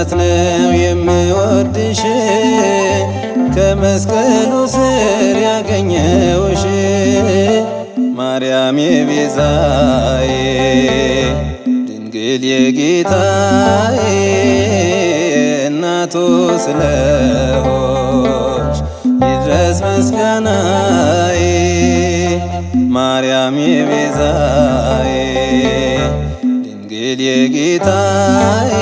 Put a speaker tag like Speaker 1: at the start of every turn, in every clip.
Speaker 1: ምክንያት ነው የምወድሽ ከመስቀሉ ስር ያገኘውሽ ማርያም የቤዛዬ ድንግል የጌታዬ እናቱ ስለሆች ይድረስ ምስጋናዬ ማርያም የቤዛዬ ድንግል የጌታዬ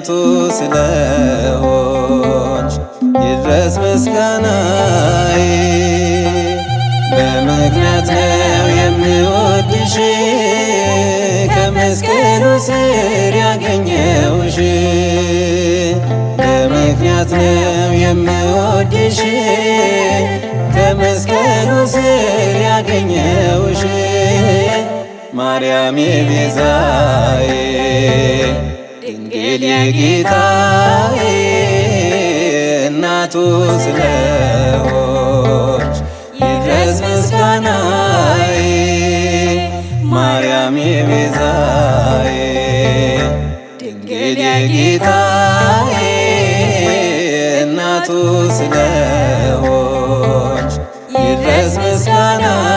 Speaker 1: ምሕረቱ ስለሆንሽ ይድረስ ምስጋናዬ። በምክንያት ነው የምወድሽ ከመስቀሉ ስር ያገኘውሽ። በምክንያት ነው የምወድሽ ከመስቀሉ ስር ያገኘውሽ ማርያም የቤዛዬ ጌል የጌታዬ እናቱ ስለሆንሽ ይድረስ ምስጋናዬ ማርያም የቤዛዬ ድንግል የጌታዬ እናቱ ስለሆንሽ ይድረስ ምስጋናዬ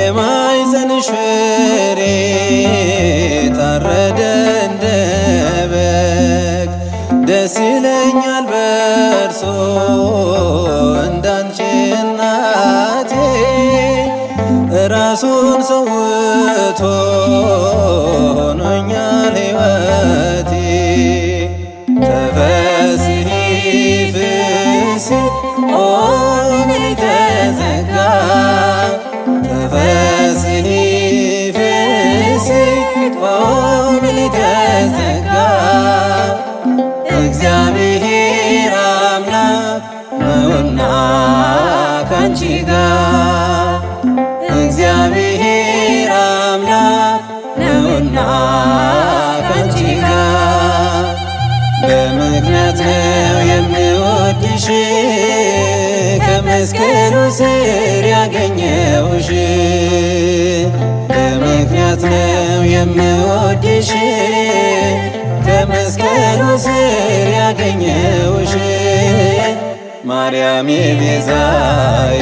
Speaker 1: የማይዘንሽ ፍሬ ታረደ እንደ በግ ደስ ይለኛል በርሶ እንዳንቺ እናቴ ራሱን ሰውቶ ሆኖኛል ሕይወቴ ተፈስሂ ፍስሂ ኦ ተዘጋ ተፈስሂ ፍስህ ኦም ሊተዘጋ እግዚአብሔር አምላክ ነውና ካንቺ ጋር እግዚአብሔር አምላክ ነውና ካንቺ ጋር በምክንያት ነው የምወድሽ በመስቀሉ ስር ያገኘውሽ በምክንያት ነው የምወድሽ በመስቀሉ ስር ያገኘውሽ ማርያም የቤዛዬ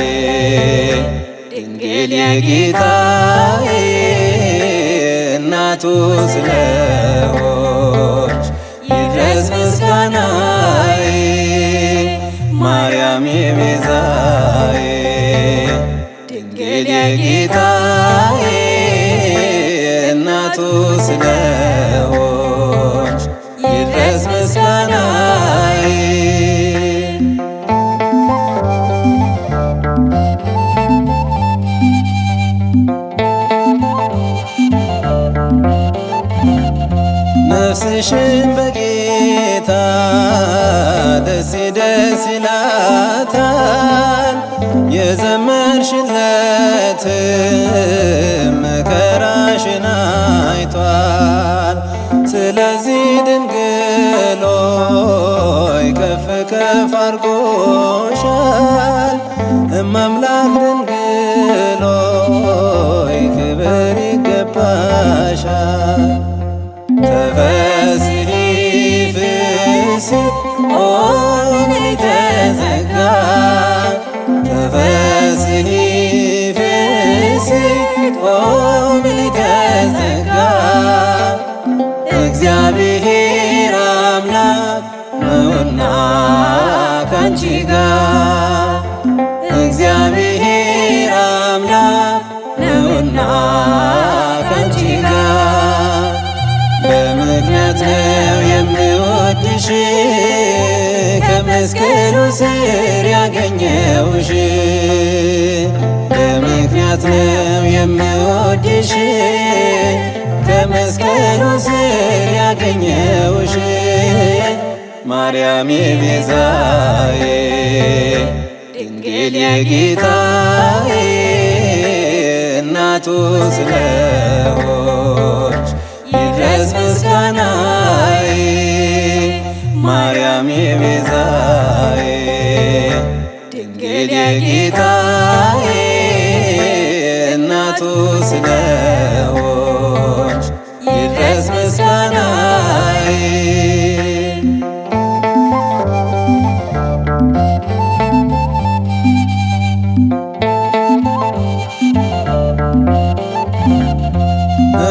Speaker 1: ድንግል የጌታዬ እናቱ ይድረስ ምስጋናዬ ማርያም የኔ ጌታዬ እናቱ ስለሆንሽ ይድረስ ምስጋናዬ። ነፍስሽን ዳዊትም መከራሽን አይቷል። ስለዚህ ድንግል ሆይ ከፍ ከፍ አድርጎ ያገኘውሽ ከመስቀሉ ስር ያገኘውሽ በምክንያት ነው የምወድሽ ከመስቀሉ ስር ያገኘውሽ ማርያም የቤዛዬ ድንግል የጌታዬ እናቱ ስለሆንሽ ይድረስ ምስጋና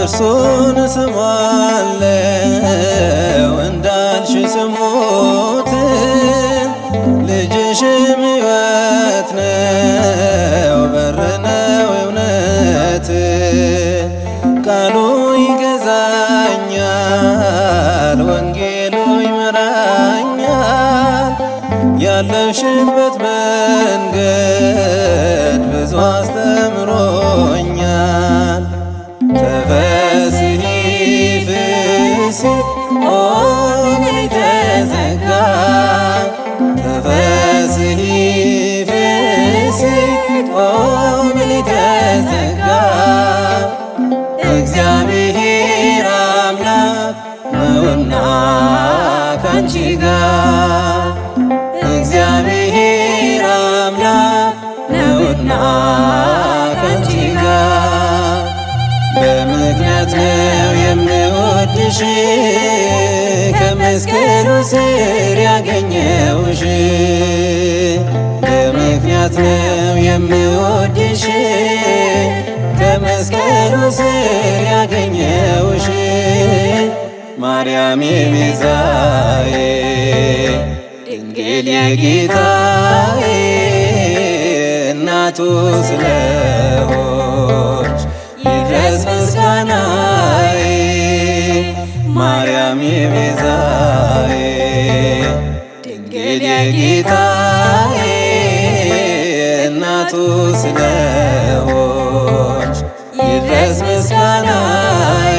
Speaker 1: እርሱን ስሟለው እንዳልሽ ስሙት ልጅሽም ሕይወት ነው በር ነው እውነት ቃሉ ይገዛኛል ወንጌሉ ይመራኛል ያለሽን ካንቺ ጋር እግዚአብሔር አምላክ ነውና ካንቺ ጋር በምክንያት ነው የምወድሽ ከመስቀሉ ስር ያገኘውሽ በምክንያት ነው የምወድሽ ከመስቀሉ ስር ያገኘውሽ ማርያም የቤዛዬ ድንግል የጌታዬ እናቱ ስለሆች ይድረስ ምስጋናዬ ማርያም የቤዛዬ ድንግል የጌታዬ እናቱ ስለሆች ይድረስ ምስጋናዬ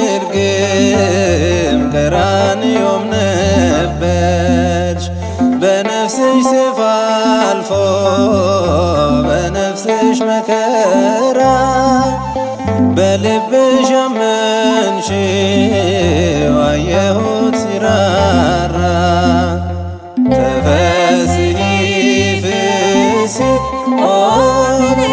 Speaker 1: ግርግም ቀራንዮም ነበርሽ በነፍስሽ ስፋ አልፎ በነፍስሽ መከራ በልብሽ አመንሽው አየሁት ሲራራ ተፈስሂ ፍስሂ ሆነ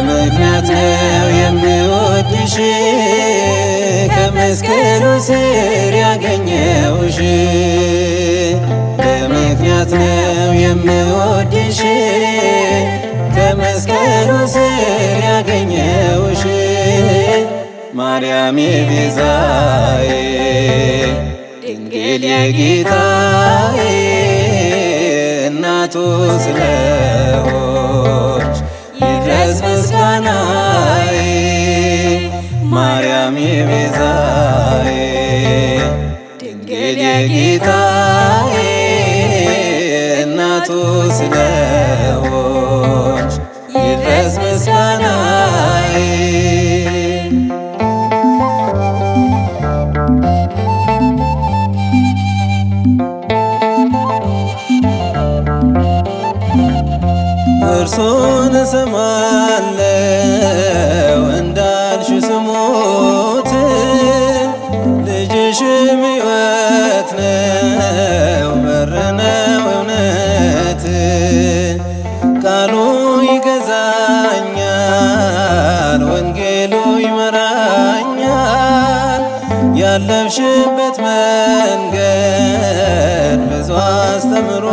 Speaker 1: በምክንያት ነው የምወድሽ ከመስቀሉ ስር ያገኘውሽ በምክንያት ነው የምወድሽ ከመስቀሉ ስር ያገኘውሽ ማርያም ቤዛዬ ድንግል የጌታዬ እናቱ ስለ እርሱን ስማለው እንዳልሽ ስሙት ልጅሽም ሕይወት ነው በር ነው እውነት ቃሉ ይገዛኛል ወንጌሉ ይመራኛል ያለፍሽበት መንገድ ብዙ አስተምሮ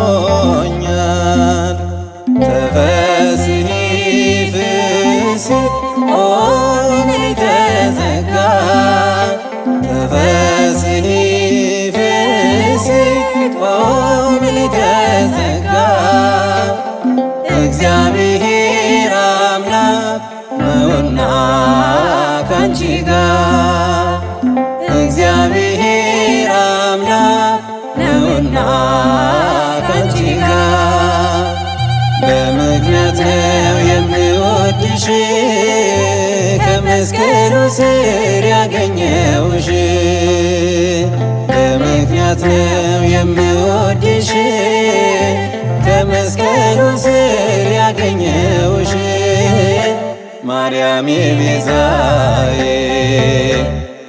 Speaker 1: ተዘጋ። እግዚአብሔር አምላክ ነውና ካንቺ ጋር እግዚአብሔር አምላክ ነውና ካንቺ ጋር በምክንያት ነው የምወድሽ ከመስቀሉ ስር ያገኘውሽ በምክንያት ነው የምወድሽ ከመስቀሉ ስር ያገኘውሽ ማርያም የቤዛዬ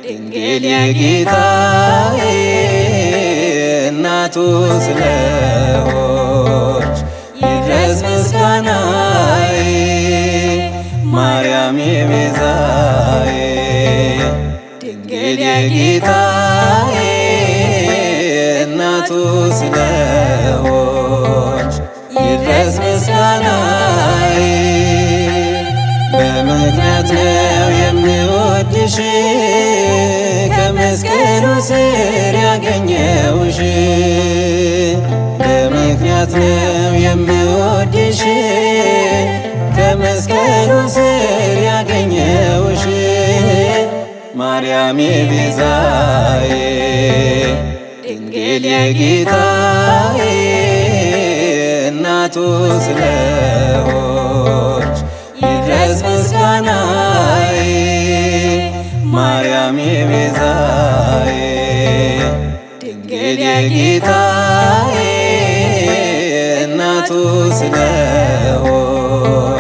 Speaker 1: ድንግል የጌታዬ እናቱ ስለሆች ይድረስ ምስጋናዬ ማርያም የቤዛዬ ድንግል የጌታ ኢየሱስ ነሆች ይድረስ ምስጋናዬ በምክንያት ነው የምወድሽ ከመስቀሉ ስር ያገኘውሽ በምክንያት ነው የምወድሽ ከመስቀሉ ስር ያገኘውሽ ማርያም ቤዛዬ የጌታዬ እናቱ ስለሆንሽ ይድረስ ምስጋናዬ ማርያም የቤዛዬ ድንግል የጌታዬ እናቱ ስለሆንሽ